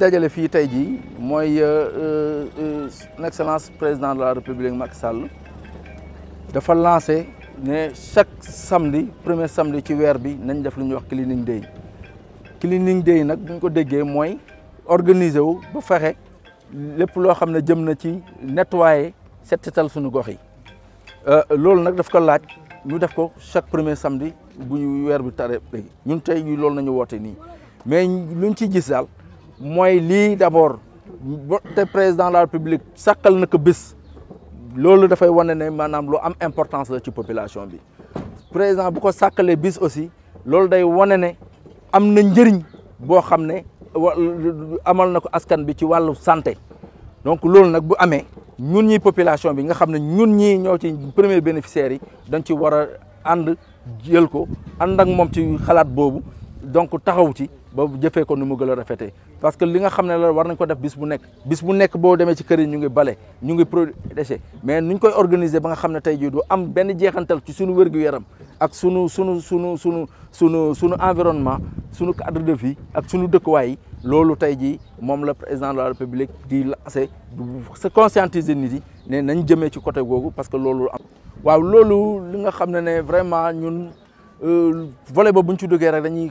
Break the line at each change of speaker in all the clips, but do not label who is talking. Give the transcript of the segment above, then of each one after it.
dajale fi tey jii mooy euh, euh, euh, excellence président de la république Macky Sall dafa lancer né chaque samedi premier samedi ci wèr bi nañ def luñ wax cleaning day cleaning day nak bu ko déggé moy organiser wu bu fexe lépp lo xamné jëm na ci nettoyer settetal suñu gox yi euh lool nak daf ko laaj ñu def ko chaque premier samedi bu ñu weer bi taré ñun tay tey lool nañu woté ni mais luñ ci gis dal moi d'abord d'abord président de la république sakal na ko bis da fay né manam lu am importance la population bi président bu ko bis aussi day ne am amal askan bi santé donc lolu qui bu amé ñun ñi population bi nga premier bénéficiaires dañ ci donc taxaw ci ba jëfee ko nu mu gën a rafetee parce que li nga xam ne la war nañ ko def bis bu nekk bis bu nekk boo demee ci kër yi ñu ngi bale ñu ngi produit déchet mais nuñ koy organiser ba nga xam ne tey jii du am benn jeexantal ci suñu wér yaram ak sunu sunu sunu sunu sunu sunu environnement sunu cadre de vie ak sunu dëkkuwaay yi loolu tey jii moom la président de la république di lancé se conscientiser nit yi ne nañ jëmee ci côté googu parce que loolu am waaw loolu li nga xam ne ne vraiment ñun euh, volet boobu bu ñu ci duggee rek dañuy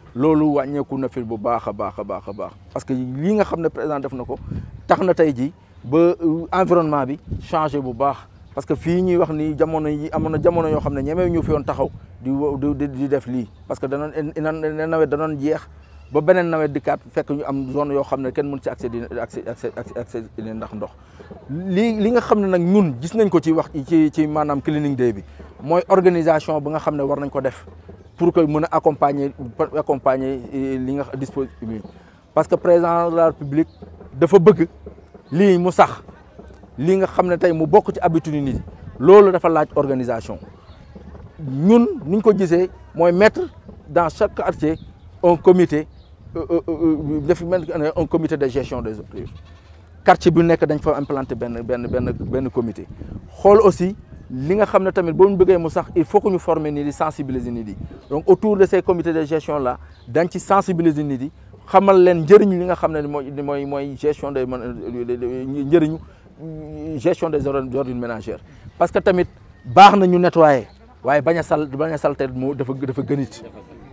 loolu wàññeeku na fi bu baax a baax a baax a parce que lii nga xam ne président def na ko tax na tey jii ba euh, environnement bi changé bu baax parce que fii ñuy wax ni jamono yi amoon na jamono yoo xam ne ñemee ñu fi woon taxaw di di def lii parce que danoon nawet danoon jeex ba beneen nawet di kaat fekk ñu am zone yoo xam ne kenn mën ci accès di accès accès ndax ndox lii li nga xam ne nag ñun gis nañ ko ci wax ci ci maanaam cleaning day bi moy organisation bi nga xamné war nañ ko def pour que mën accompagner accompagner euh, li nga dispositif parce que président de la république dafa bëgg li mu sax li nga xamné tay mu bokk ci habitude nit loolu dafa laaj organisation ñun ni ñu ko gisee moy mettre dans chaque quartier un comité euh, euh, euh, euh def un comité de gestion des eaux quartier bu nek dañ fa implanter ben ben ben ben comité xol aussi li nga xam tamit boo ñu bëggee mu sax il faut que ñu former nit yi sensibiliser nit yi donc autour de ces comités de gestion là dañ ci sensibiliser nit yi xamal leen njëriñ li nga xam ne mooy mooy mooy gestion des euh, njëriñu gestion des ordures ménagère parce que tamit baax na ñu nettoyer waaye bañ a sal bañ a salte mu dafa dafa gënit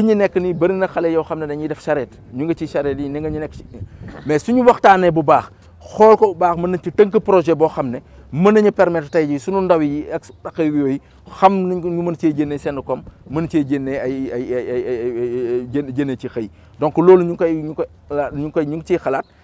fi ñu nekk nii bëri na xale yoo xam ne dañuy def charrette ñu ngi ci charrette yi ni nga ñu nekk ci mais suñu waxtaanee bu baax xool ko bu baax mën nañ ci tënk projet boo xam ne mën nañu permettre tey jii suñu ndaw yi ak ak yooyu xam nañ ñu mën cee jëndee seen koom mën cee jëndee ay ay jën ay ci xëy donc loolu ñu ngi koy ñu ngi koy ñu ngi ciy xalaat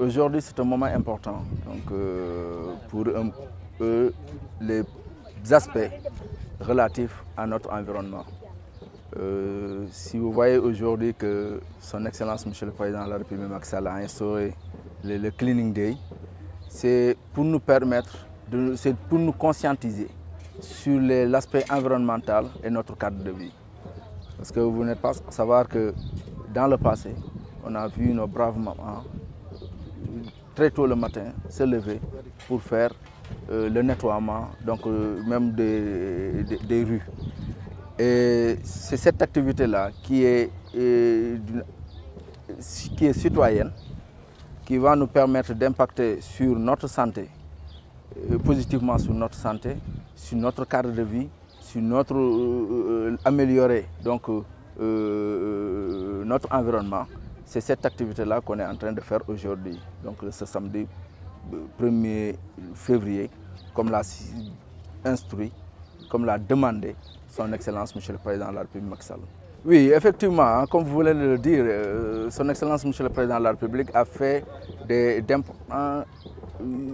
Aujourd'hui, c'est un moment important euh, pour les aspects relatifs à notre environnement. Euh, si vous voyez aujourd'hui que Son Excellence, Monsieur le Président de la République Maxal a instauré le, Cleaning Day, c'est pour nous permettre, c'est pour nous conscientiser sur l'aspect environnemental et notre cadre de vie. Parce que vous n'êtes pas à savoir que dans le passé, on a vu nos braves mamans très tôt le matin, se lever pour faire euh, le nettoiement, donc euh, même des, rues. Et c'est cette activité-là qui est, euh, qui est citoyenne, qui va nous permettre d'impacter sur notre santé, positivement sur notre santé, sur notre cadre de vie, sur notre améliorer donc notre environnement. C'est cette activité-là qu'on est en train de faire aujourd'hui, donc ce samedi 1er février, comme l'a instruit, comme l'a demandé son Excellence, Monsieur le Président de la République Macky oui, effectivement, hein, comme vous voulez le dire, euh, Son Excellence Monsieur le Président de la République a fait d'importants euh,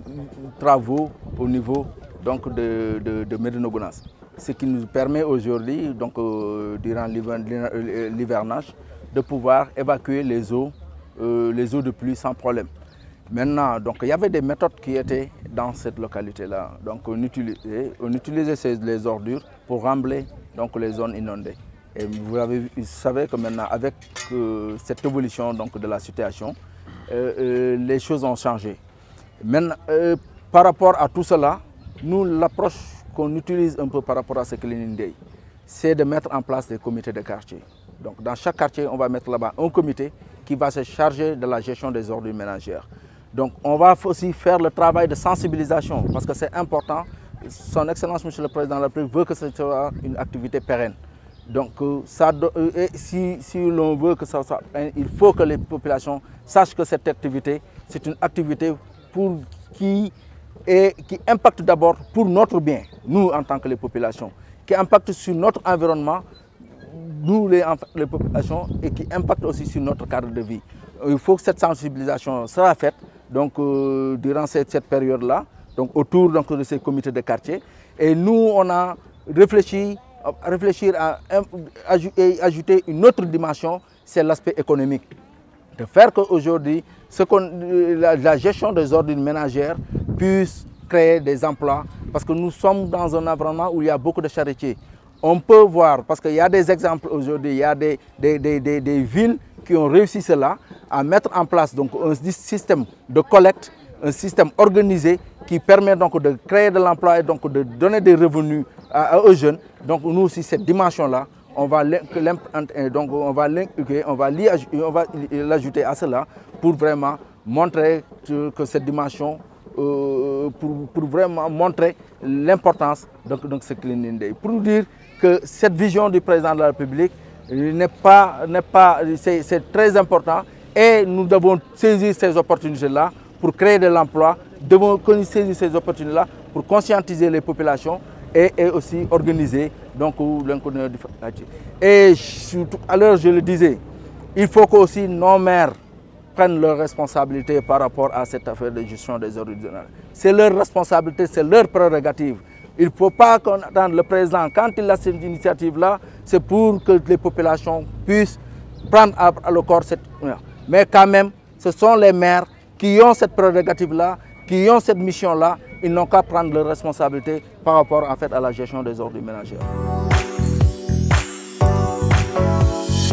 travaux au niveau donc, de, de, de ce qui nous permet aujourd'hui, donc euh, durant l'hivernage, de pouvoir évacuer les eaux, euh, les eaux de pluie sans problème. Maintenant, donc, il y avait des méthodes qui étaient dans cette localité-là. Donc on utilisait, on utilisait les ordures pour rembler donc, les zones inondées. Et vous, savez que maintenant, avec euh, cette évolution donc, de la situation, euh, les choses ont changé. Maintenant, par rapport à tout cela, nous, l'approche qu'on utilise un peu par rapport à ce que c'est de mettre en place des comités de quartier. Donc dans chaque quartier, on va mettre là-bas un comité qui va se charger de la gestion des ordures ménagères. Donc on va aussi faire le travail de sensibilisation parce que c'est important. Son Excellence, Monsieur le Président de la République, veut que ce soit une activité pérenne. Donc euh, ça, euh, si, si l'on veut que ça soit, il faut que les populations sachent que cette activité, c'est une activité pour qui, et qui impacte d'abord pour notre bien, nous en tant que les populations, qui impacte sur notre environnement, nous les, populations et qui impacte aussi sur notre cadre de vie. Euh, il faut que cette sensibilisation sera faite donc, euh, durant cette, cette période-là, donc autour donc, de ces comités de quartier. Et nous, on a réfléchi à euh, réfléchir à, ajouter une autre dimension, c'est l'aspect économique. De faire qu'aujourd'hui, la, la gestion des ordres ménagères puisse créer des emplois, parce que nous sommes dans un environnement où il y a beaucoup de charretiers on peut voir, parce qu'il y a des exemples aujourd'hui, il y a des, villes qui ont réussi cela, à mettre en place donc, un système de collecte, un système organisé qui permet donc de créer de l'emploi et donc de donner des revenus aux jeunes. Donc nous aussi, cette dimension-là, on va euh, donc on va on va l'ajouter à cela pour vraiment montrer que cette dimension euh, pour, pour, vraiment montrer l'importance de donc, ce Clean Day. Pour nous dire que cette vision du président de la République n'est pas, pas c'est très important et nous devons saisir ces opportunités-là pour créer de l'emploi, devons saisir ces opportunités-là pour conscientiser les populations et, et aussi organiser donc l'inconnu du Et surtout, à l'heure, je le disais, il faut qu'aussi nos maires prennent leurs responsabilités par rapport à cette affaire de gestion des ordures C'est leur responsabilité, c'est leur prérogative. Il ne faut pas qu'on attende le président. Quand il a cette initiative-là, c'est pour que les populations puissent prendre à, le corps cette... Mais quand même, ce sont les maires qui ont cette prérogative-là, qui ont cette mission-là. Ils n'ont qu'à prendre leurs responsabilité par rapport en fait, à la gestion des ordures ménagères.